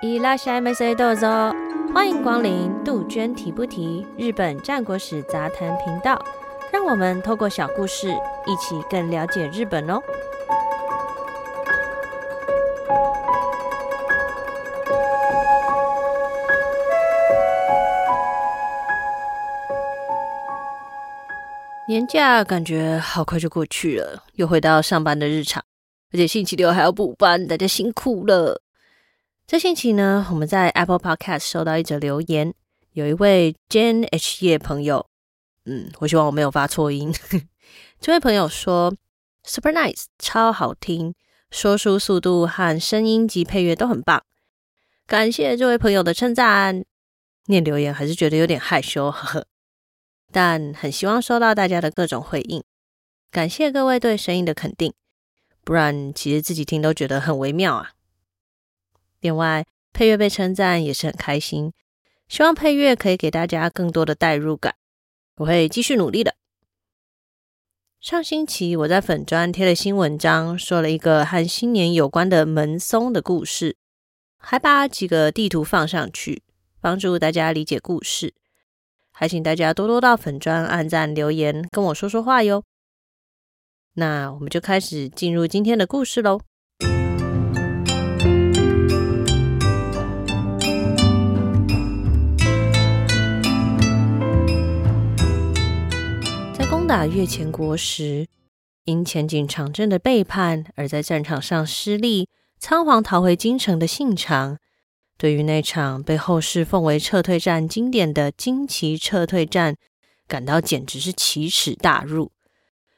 以 s a Dozo 歡迎光臨，杜鵑提不提日本戰國史雜談頻道，讓我們透過小故事一起更了解日本哦。年假感覺好快就過去了，又回到上班的日常，而且星期六還要補班，大家辛苦了。這星期呢，我們在 Apple Podcast 收到一則留言，有一位 Jen H 葉朋友，嗯，我希望我沒有發錯音。呵呵，這位朋友說：“Super nice，超好聽，說書速度和聲音及配樂都很棒。”感謝這位朋友的稱讚，念留言還是覺得有點害羞，呵呵。但很希望收到大家的各種回應，感謝各位對聲音的肯定，不然其實自己聽都覺得很微妙啊。另外，配樂被稱讚也是很開心。希望配樂可以給大家更多的代入感，我會繼續努力的。上星期我在粉專貼了新文章，說了一個和新年有關的門松的故事，還把幾個地圖放上去，幫助大家理解故事。還請大家多多到粉專按讚、留言，跟我說說話喲。那我們就開始進入今天的故事嘍。打越前國時，因淺井長政的背叛而在戰場上失利，倉皇逃回京城的信長，對於那場被後世奉為撤退戰經典的金崎撤退戰，感到簡直是奇恥大辱。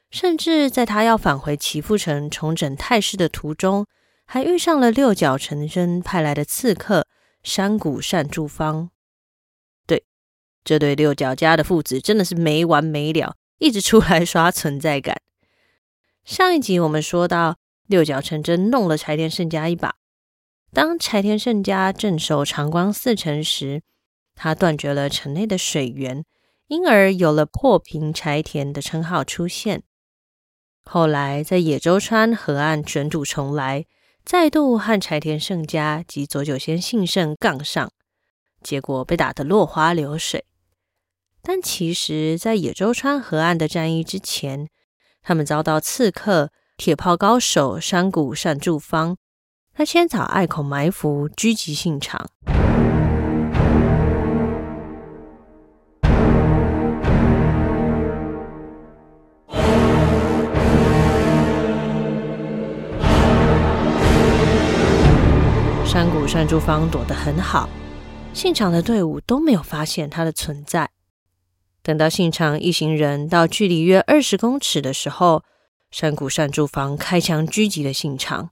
甚至在他要返回岐阜城重整態勢的途中，還遇上了六角承禎派來的刺客杉谷善住坊。對，這對六角家的父子真的是沒完沒了。一直出來刷存在感。上一集我們說到，六角承禎弄了柴田勝家一把。當柴田勝家鎮守長光寺城時，他斷絕了城內的水源，因而有了“破平柴田”的稱號出現。後來在野洲川河岸捲土重來，再度和柴田勝家及佐久間信盛槓上，結果被打得落花流水。但其實，在野洲川河岸的戰役之前，他們遭到刺客、鐵炮高手杉谷善住坊。他千草隘口埋伏，狙擊信長。杉谷善住坊躲得很好，信長的隊伍都沒有發現他的存在。等到信長一行人到距離約二十公尺的時候，杉谷善住坊開槍狙擊了信長。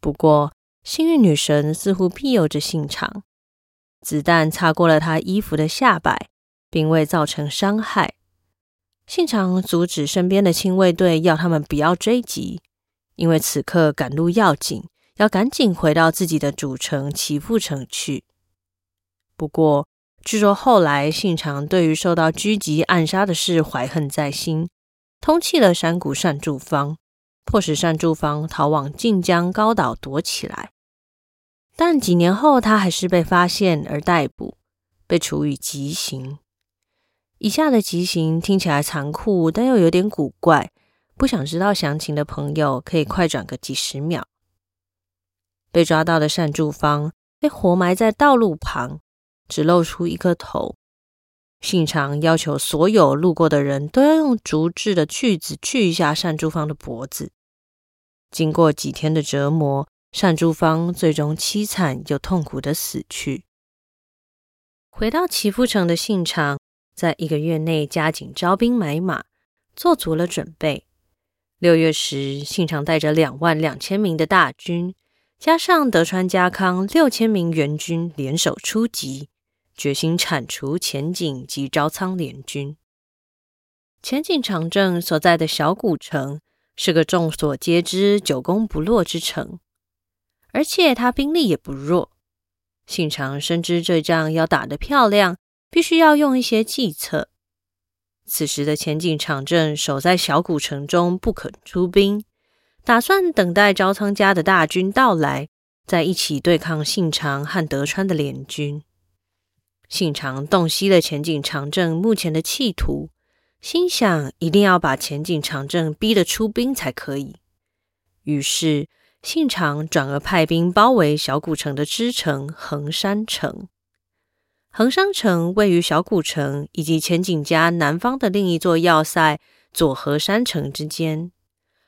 不過，幸運女神似乎庇佑着信長，子彈擦過了他衣服的下擺，並未造成傷害。信長阻止身邊的親衛隊，要他們不要追擊，因為此刻趕路要緊，要趕緊回到自己的主城岐阜城去。不過，據說後來信長對於受到狙擊暗殺的事懷恨在心，通緝了山谷善助方，迫使善助方逃往近江高島躲起來。但幾年後，他還是被發現而逮捕，被處以極刑。以下的極刑聽起來殘酷，但又有點古怪。不想知道詳情的朋友，可以快轉個幾十秒。被抓到的善助方被活埋在道路旁。只露出一個頭。信長要求所有路過的人都要用竹制的鋸子鋸一下善住坊的脖子。經過幾天的折磨，善住坊最終淒慘又痛苦地死去。回到岐阜城的信長，在一個月內加緊招兵買馬，做足了準備。六月時，信長帶着兩萬兩千名的大軍，加上德川家康六千名援軍，聯手出擊。決心鏟除淺井及朝倉聯軍。淺井長政所在的小古城是個眾所皆知、久攻不落之城，而且他兵力也不弱。信長深知這仗要打得漂亮，必須要用一些計策。此時的淺井長政守在小古城中，不肯出兵，打算等待朝倉家的大軍到來，再一起對抗信長和德川的聯軍。信長洞悉了淺井長政目前的企圖，心想一定要把淺井長政逼得出兵才可以。於是，信長轉而派兵包圍小古城的支城橫山城。橫山城位於小古城以及淺井家南方的另一座要塞佐和山城之間。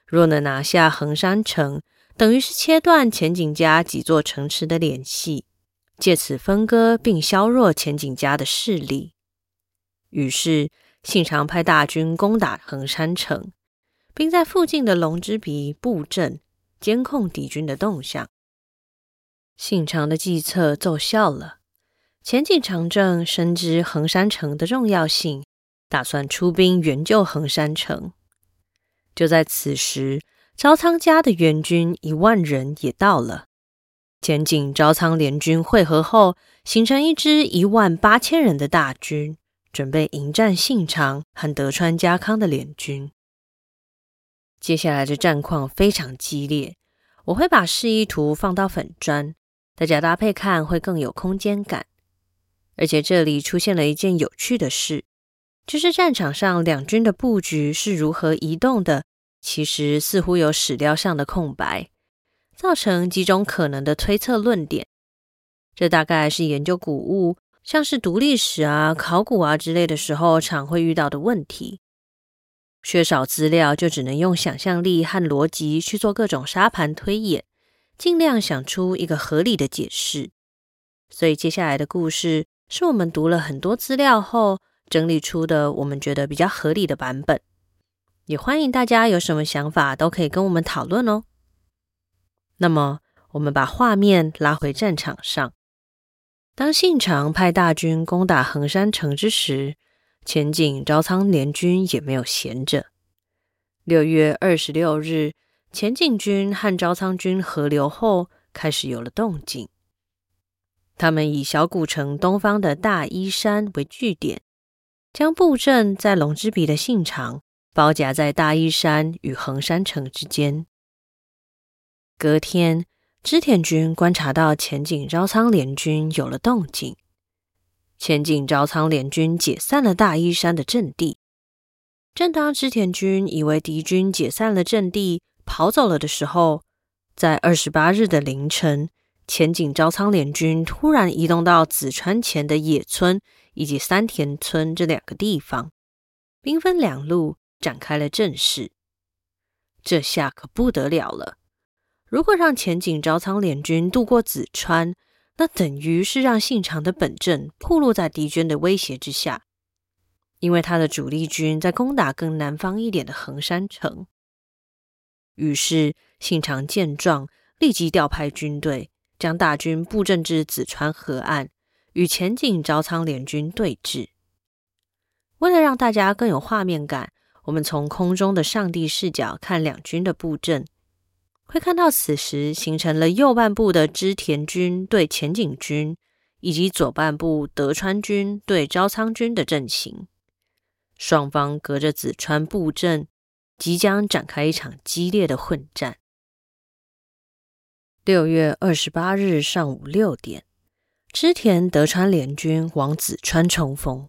若能拿下橫山城，等於是切斷淺井家幾座城池的聯繫。借此分割並削弱淺井家的勢力，於是信長派大軍攻打橫山城，並在附近的龍之鼻布陣，監控敵軍的動向。信長的計策奏效了，淺井長政深知橫山城的重要性，打算出兵援救橫山城。就在此時，朝倉家的援軍一萬人也到了。淺井、朝倉聯軍會合後，形成一支一萬八千人的大軍，準備迎戰信長和德川家康的聯軍。接下來的戰況非常激烈，我會把示意圖放到粉專，大家搭配看會更有空間感。而且這裡出現了一件有趣的事，就是戰場上兩軍的布局是如何移動的，其實似乎有史料上的空白。造成幾種可能的推測論點，這大概是研究古物，像是讀歷史啊、考古啊之類的時候，常會遇到的問題。缺少資料，就只能用想象力和邏輯去做各種沙盤推演，儘量想出一個合理的解釋。所以接下來的故事，是我們讀了很多資料後整理出的，我們覺得比較合理的版本。也歡迎大家有什麼想法，都可以跟我們討論哦。那麼，我們把畫面拉回戰場上。當信長派大軍攻打橫山城之時，淺井朝倉聯軍也沒有閒着。六月二十六日，淺井軍和朝倉軍合流後，開始有了動靜。他們以小谷城東方的大伊山為據點，將布陣在龍之鼻的信長包夾在大伊山與橫山城之間。隔天，織田軍觀察到淺井朝倉聯軍有了動靜。淺井朝倉聯軍解散了大依山的陣地。正當織田軍以為敵軍解散了陣地跑走了的時候，在二十八日的凌晨，淺井朝倉聯軍突然移動到姉川前的野村以及三田村這兩個地方，兵分兩路展開了陣勢。這下可不得了了。如果讓淺井朝倉聯軍渡過姉川，那等於是讓信長的本陣暴露在敵軍的威脅之下，因為他的主力軍在攻打更南方一點的橫山城。於是信長見狀，立即調派軍隊，將大軍布陣至姉川河岸，與淺井朝倉聯軍對峙。為了讓大家更有畫面感，我們從空中的上帝視角看兩軍的布陣。會看到此時形成了右半部的織田軍對淺井軍，以及左半部德川軍對朝倉軍的陣型，雙方隔着姉川布陣，即將展開一場激烈的混戰。六月二十八日上午六點，織田德川聯軍往姉川衝鋒，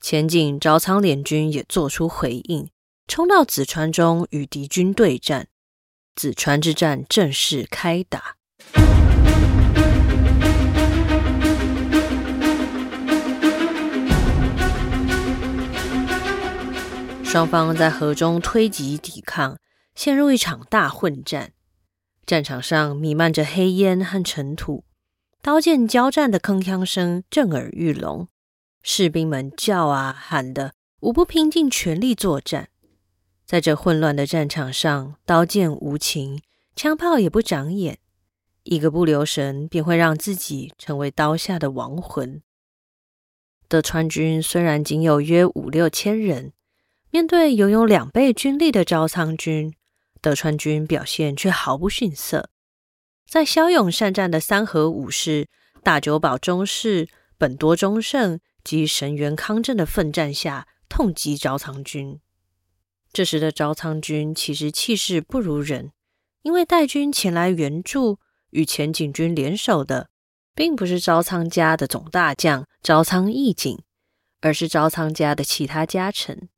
淺井朝倉聯軍也做出回應，衝到姉川中與敵軍對戰。姉川之戰正式開打，雙方在河中推擠抵抗，陷入一場大混戰。戰場上瀰漫着黑煙和塵土，刀劍交戰的鏗鏘聲震耳欲聾，士兵們叫啊喊的，無不拼盡全力作戰。在這混亂的戰場上，刀劍無情，槍炮也不長眼，一個不留神便會讓自己成為刀下的亡魂。德川軍雖然僅有約五六千人，面對擁有兩倍軍力的朝倉軍，德川軍表現卻毫不遜色。在驍勇善戰的三河武士大久保忠世、本多忠勝及榊原康政的奮戰下，痛擊朝倉軍。這時的朝倉軍其實氣勢不如人，因為帶軍前來援助與淺井軍聯手的，並不是朝倉家的總大將朝倉義景，而是朝倉家的其他家臣。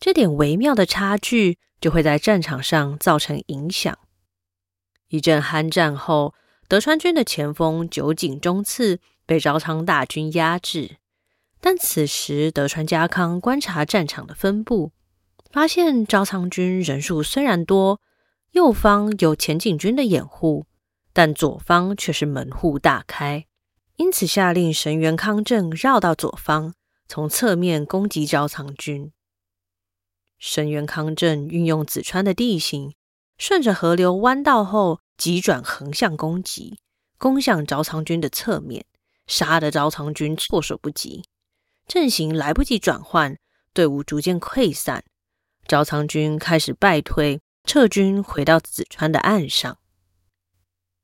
這點微妙的差距就會在戰場上造成影響。一陣酣戰後，德川軍的前鋒酒井忠次被朝倉大軍壓制，但此時德川家康觀察戰場的分布。發現朝倉軍人數雖然多，右方有淺井軍的掩護，但左方卻是門戶大開，因此下令榊原康政繞到左方，從側面攻擊朝倉軍。榊原康政運用姉川的地形，順着河流彎道後急轉橫向攻擊，攻向朝倉軍的側面，殺得朝倉軍措手不及，陣型來不及轉換，隊伍逐漸潰散。朝倉軍開始敗退，撤軍回到姉川的岸上。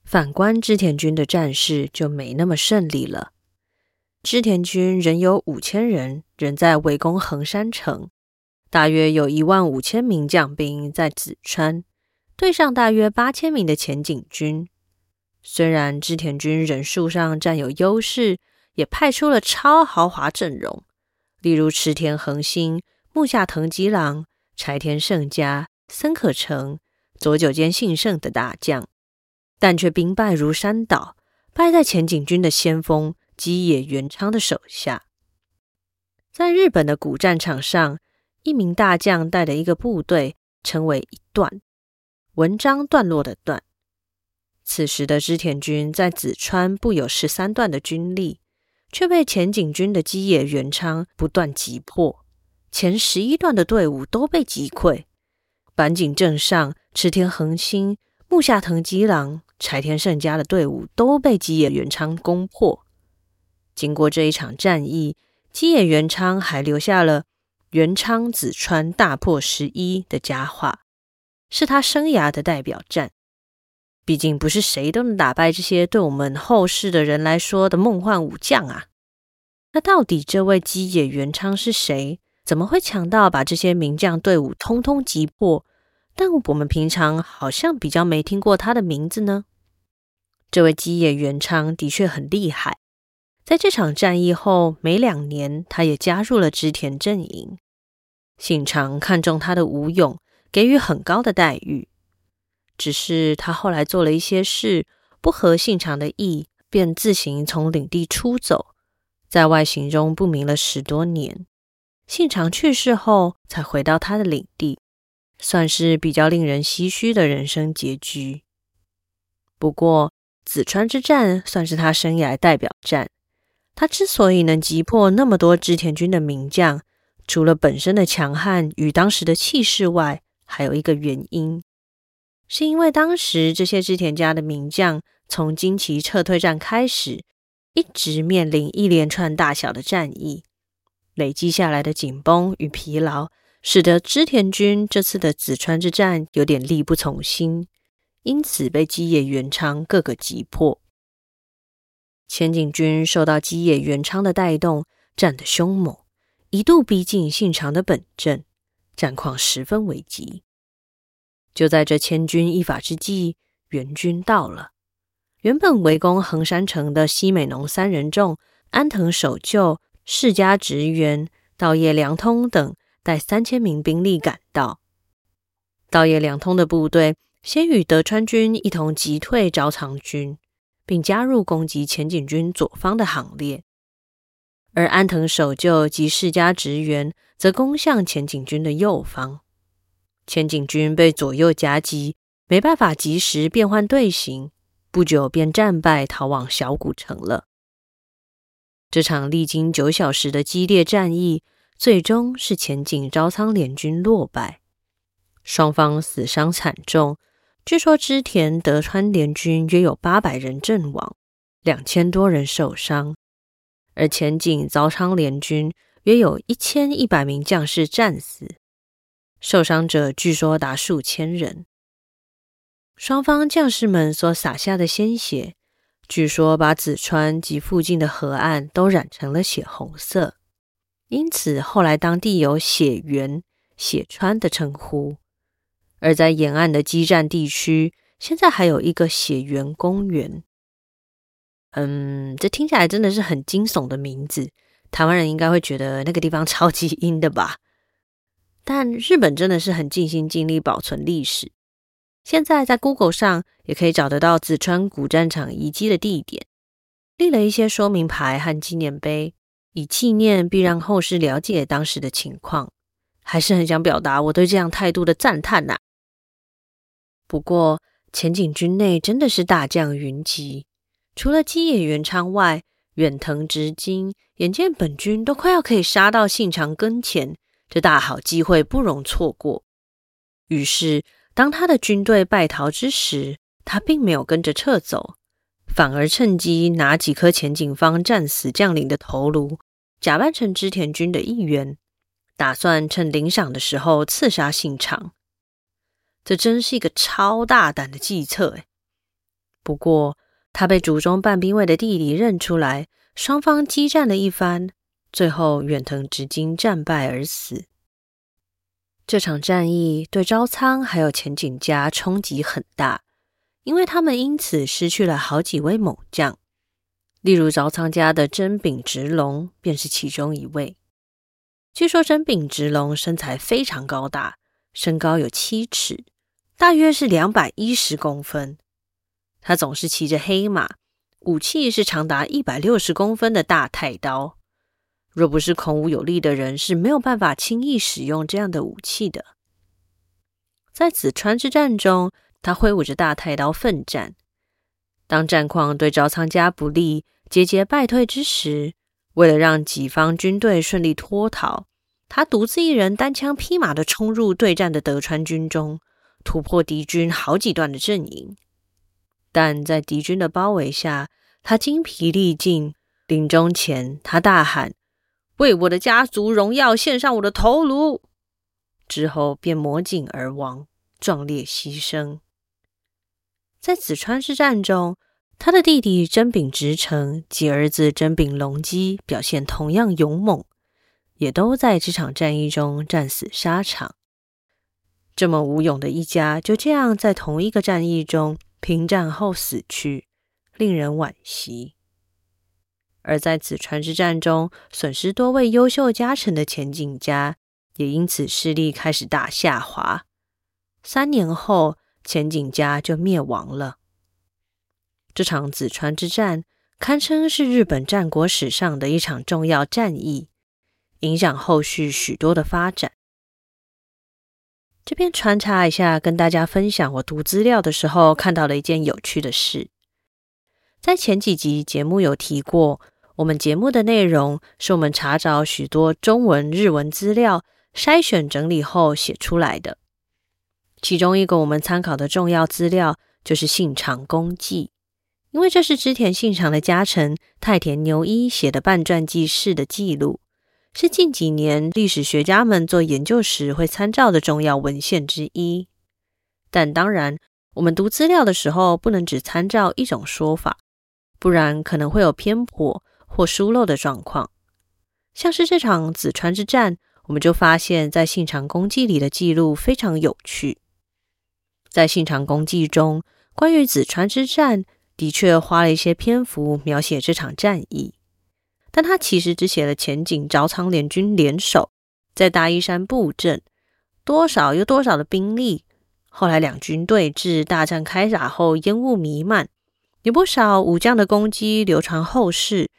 反觀織田軍的戰事就沒那麼順利了。織田軍仍有五千人仍在圍攻橫山城，大約有一萬五千名將兵在姉川對上大約八千名的淺井軍。雖然織田軍人數上佔有優勢，也派出了超豪華陣容，例如池田恆興、木下藤吉郎。柴田勝家、森可成、佐久間信盛的大將，但卻兵敗如山倒，敗在淺井軍的先鋒磯野員昌的手下。在日本的古戰場上，一名大將帶的一個部隊稱為一段，文章段落的段。此時的織田軍在姉川布有十三段的軍力，卻被淺井軍的磯野員昌不斷擊破。前十一段的隊伍都被擊潰，坂井政尚、池田恆興、木下藤吉郎、柴田勝家的隊伍都被磯野員昌攻破。經過這一場戰役，磯野員昌還留下了“員昌姉川大破十一”的佳話，是他生涯的代表戰。畢竟不是誰都能打敗這些對我們後世的人來說的夢幻武將啊。那到底這位磯野員昌是誰？怎麼會強到把這些名將隊伍通通擊破？但我們平常好像比較沒聽過他的名字呢？這位磯野員昌的確很厲害，在這場戰役後沒兩年，他也加入了織田陣營。信長看中他的武勇，給予很高的待遇。只是他後來做了一些事不合信長的意，便自行從領地出走，在外行蹤不明了十多年。信長去世後，才回到他的領地，算是比較令人唏噓的人生結局。不過，姉川之戰算是他生涯代表戰。他之所以能擊破那麼多織田軍的名將，除了本身的強悍與當時的氣勢外，還有一個原因，是因為當時這些織田家的名將從金崎撤退戰開始，一直面臨一連串大小的戰役。累積下來的緊繃與疲勞，使得織田軍這次的姉川之戰有點力不從心，因此被磯野員昌各個擊破。淺井軍受到磯野員昌的帶動，戰得兇猛，一度逼近信長的本陣，戰況十分危急。就在這千鈞一髮之際，援軍到了。原本圍攻橫山城的西美濃三人眾安藤守就，氏家直元、稻葉良通等帶三千名兵力趕到，稻葉良通的部隊先與德川軍一同擊退朝倉軍，並加入攻擊淺井軍左方的行列；而安藤守就及氏家直元則攻向淺井軍的右方。淺井軍被左右夾擊，沒辦法及時變換隊形，不久便戰敗逃往小谷城了。這場歷經九小時的激烈戰役，最終是淺井朝倉聯軍落敗，雙方死傷慘重。據說織田德川聯軍約有八百人陣亡，兩千多人受傷；而淺井朝倉聯軍約有一千一百名將士戰死，受傷者據說達數千人。雙方將士們所灑下的鮮血。據說把姉川及附近的河岸都染成了血紅色，因此後來當地有血“血原血川”的稱呼。而在沿岸的激戰地區，現在還有一個血原公園。嗯，這聽起來真的是很驚悚的名字，台灣人應該會覺得那個地方超級陰的吧？但日本真的是很盡心盡力保存歷史。現在在 Google 上也可以找得到姉川古戰場遺跡的地點，立了一些說明牌和紀念碑，以紀念並讓後世了解當時的情況。還是很想表達我對這樣態度的讚嘆吶、啊。不過，淺井軍內真的是大將雲集，除了磯野員昌外，遠藤直經、眼見本軍都快要可以殺到信長跟前，這大好機會不容錯過。於是。當他的軍隊敗逃之時，他並沒有跟着撤走，反而趁機拿幾顆淺井方戰死將領的頭顱，假扮成織田軍的一員，打算趁領賞的時候刺殺信長。這真是一個超大膽的計策哎！不過他被竹中半兵衛的弟弟認出來，雙方激戰了一番，最後遠藤直經戰敗而死。這場戰役對朝倉還有淺井家衝擊很大，因為他們因此失去了好幾位猛將，例如朝倉家的真柄直隆便是其中一位。據說真柄直隆身材非常高大，身高有七尺，大約是兩百一十公分。他總是騎着黑馬，武器是長達一百六十公分的大太刀。若不是孔武有力的人，是沒有辦法輕易使用這樣的武器的。在姉川之戰中，他揮舞着大太刀奮戰。當戰況對朝倉家不利、節節敗退之時，為了讓己方軍隊順利脫逃，他獨自一人單槍匹馬地衝入對戰的德川軍中，突破敵軍好幾段的陣營。但在敵軍的包圍下，他精疲力盡，臨終前他大喊。為我的家族榮耀獻上我的頭顱，之後便抹頸而亡，壯烈犧牲。在姉川之戰中，他的弟弟真柄直成及兒子真柄隆基表現同樣勇猛，也都在這場戰役中戰死沙場。這麼無勇的一家，就這樣在同一個戰役中平戰後死去，令人惋惜。而在姉川之戰中，損失多位優秀家臣的淺井家也因此勢力開始大下滑。三年後，淺井家就滅亡了。這場姉川之戰堪稱是日本戰國史上的一場重要戰役，影響後續許多的發展。這邊穿插一下，跟大家分享我讀資料的時候看到了一件有趣的事，在前幾集節目有提過。我們節目的內容是我們查找許多中文、日文資料，篩選整理後寫出來的。其中一個我們參考的重要資料就是《信長公記》，因為這是織田信長的家臣太田牛一寫的半傳記式的記錄，是近幾年歷史學家們做研究時會參照的重要文獻之一。但當然，我們讀資料的時候不能只參照一種說法，不然可能會有偏頗。或疏漏的狀況，像是這場姉川之戰，我們就發現，在信長公記裡的記錄非常有趣。在信長公記中，關於姉川之戰，的確花了一些篇幅描寫這場戰役，但他其實只寫了淺井朝倉聯軍聯手在大依山布陣，多少有多少的兵力。後來兩軍對峙，大戰開打後，煙霧瀰漫，有不少武將的攻擊流傳後世。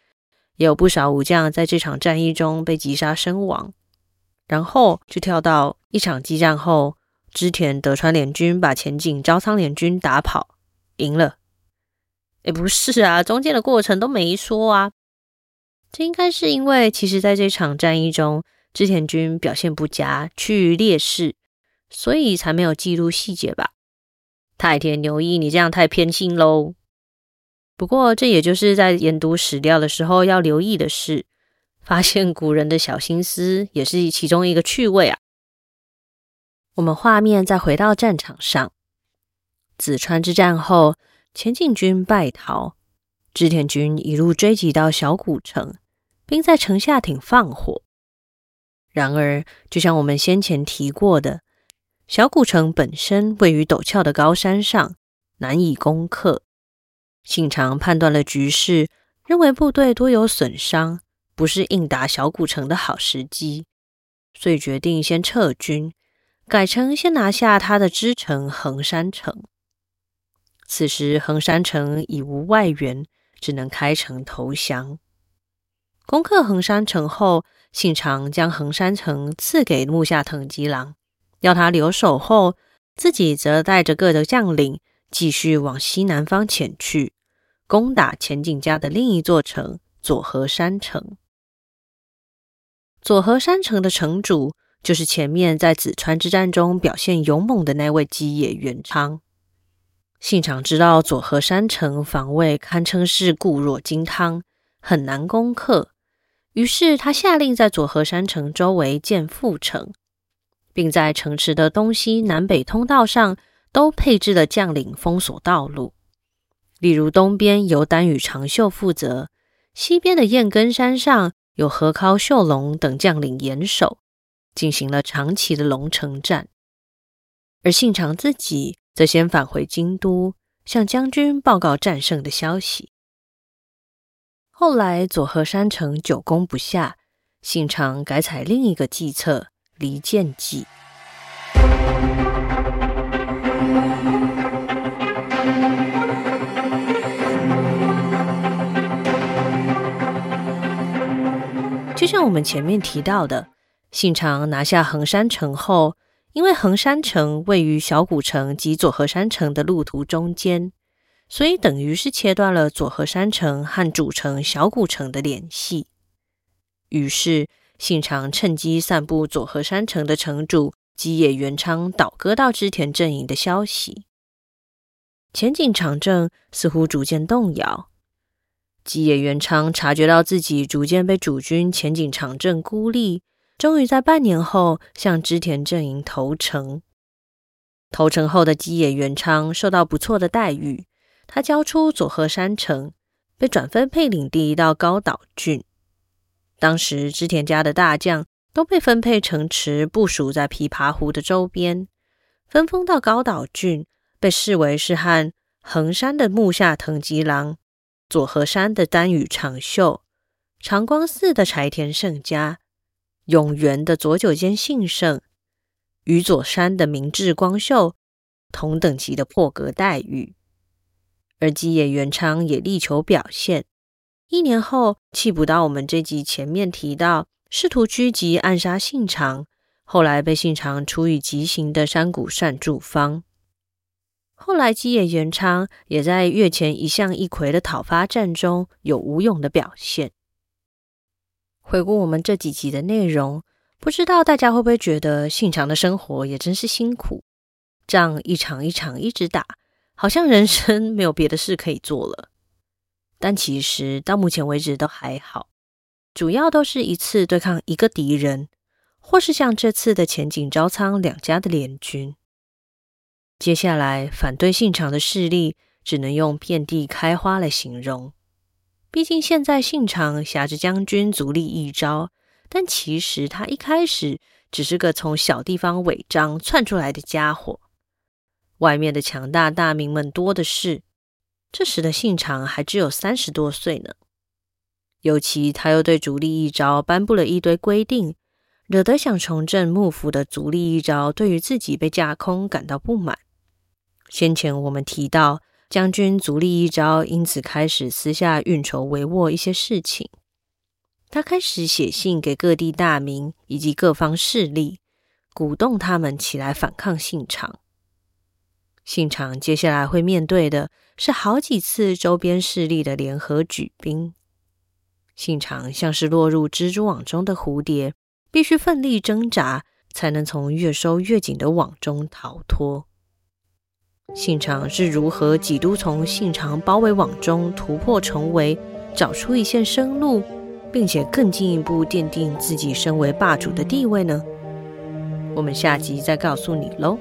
有不少武將在這場戰役中被擊殺身亡，然後就跳到一場激戰後，織田德川聯軍把淺井朝倉聯軍打跑，贏了。哎，不是啊，中間的過程都沒說啊。這應該是因為其實在這場戰役中，織田軍表現不佳，趨於劣勢，所以才沒有記錄細節吧？太田牛一，你這樣太偏心嘍！不過，這也就是在研讀史料的時候要留意的事，發現古人的小心思也是其中一個趣味啊。我們畫面再回到戰場上，姉川之戰後，淺井軍敗逃，織田軍一路追擊到小谷城，並在城下町放火。然而，就像我們先前提過的，小谷城本身位於陡峭的高山上，難以攻克。信長判斷了局勢，認為部隊多有損傷，不是硬打小谷城的好時機，所以決定先撤軍，改成先拿下他的支城橫山城。此時橫山城已無外援，只能開城投降。攻克橫山城後，信長將橫山城賜給木下藤吉郎，要他留守後，後自己則帶着各的將領。繼續往西南方前去，攻打淺井家的另一座城佐和山城。佐和山城的城主就是前面在姉川之戰中表現勇猛的那位磯野員昌。信長知道佐和山城防衛堪稱是固若金湯，很難攻克，於是他下令在佐和山城周圍建副城，並在城池的東西南北通道上。都配置了將領封鎖道路，例如東邊由丹羽長秀負責，西邊的彥根山上有河尻秀隆等將領嚴守，進行了長期的籠城戰。而信長自己則先返回京都，向將軍報告戰勝的消息。後來佐和山城久攻不下，信長改採另一個計策——離間計。就像我們前面提到的，信長拿下橫山城後，因為橫山城位於小谷城及佐和山城的路途中間，所以等於是切斷了佐和山城和主城小谷城的聯繫。於是，信長趁機散布佐和山城的城主磯野員昌倒戈到織田陣營的消息，淺井長政似乎逐漸動搖。磯野員昌察覺到自己逐漸被主君淺井長政孤立，終於在半年後向織田陣營投誠。投誠後的磯野員昌受到不錯的待遇，他交出佐和山城，被轉分配領地到高島郡。當時織田家的大將都被分配城池部署在琵琶湖的周邊，分封到高島郡被視為是和橫山的木下藤吉郎佐和山的丹羽長秀、長光寺的柴田勝家、永元的佐久間信盛、宇佐山的明智光秀同等級的破格待遇，而磯野員昌也力求表現。一年後，緝捕到我們這集前面提到，試圖狙擊暗殺信長，後來被信長處以極刑的杉谷善住坊。後來，磯野員昌也在越前一向一揆的討伐戰中有無勇的表現。回顧我們這幾集的內容，不知道大家會不會覺得信長的生活也真是辛苦，仗一場一場一直打，好像人生沒有別的事可以做了。但其實到目前為止都還好，主要都是一次對抗一個敵人，或是像這次的淺井朝倉兩家的聯軍。接下來，反對信長的勢力只能用遍地開花來形容。畢竟現在信長挾着將軍足利義昭，但其實他一開始只是個從小地方尾張竄出來的家伙。外面的強大大名們多的是，這時的信長還只有三十多歲呢。尤其他又對足利義昭頒布了一堆規定，惹得想重振幕府的足利義昭對於自己被架空感到不滿。先前我們提到，將軍足利義昭，因此開始私下運籌帷幄一些事情。他開始寫信給各地大名以及各方勢力，鼓動他們起來反抗信長。信長接下來會面對的是好幾次周邊勢力的聯合舉兵。信長像是落入蜘蛛網中的蝴蝶，必須奮力掙扎，才能從越收越緊的網中逃脫。信長是如何幾度從信長包圍網中突破重圍，找出一線生路，並且更進一步奠定自己身為霸主的地位呢？我們下集再告訴你嘍。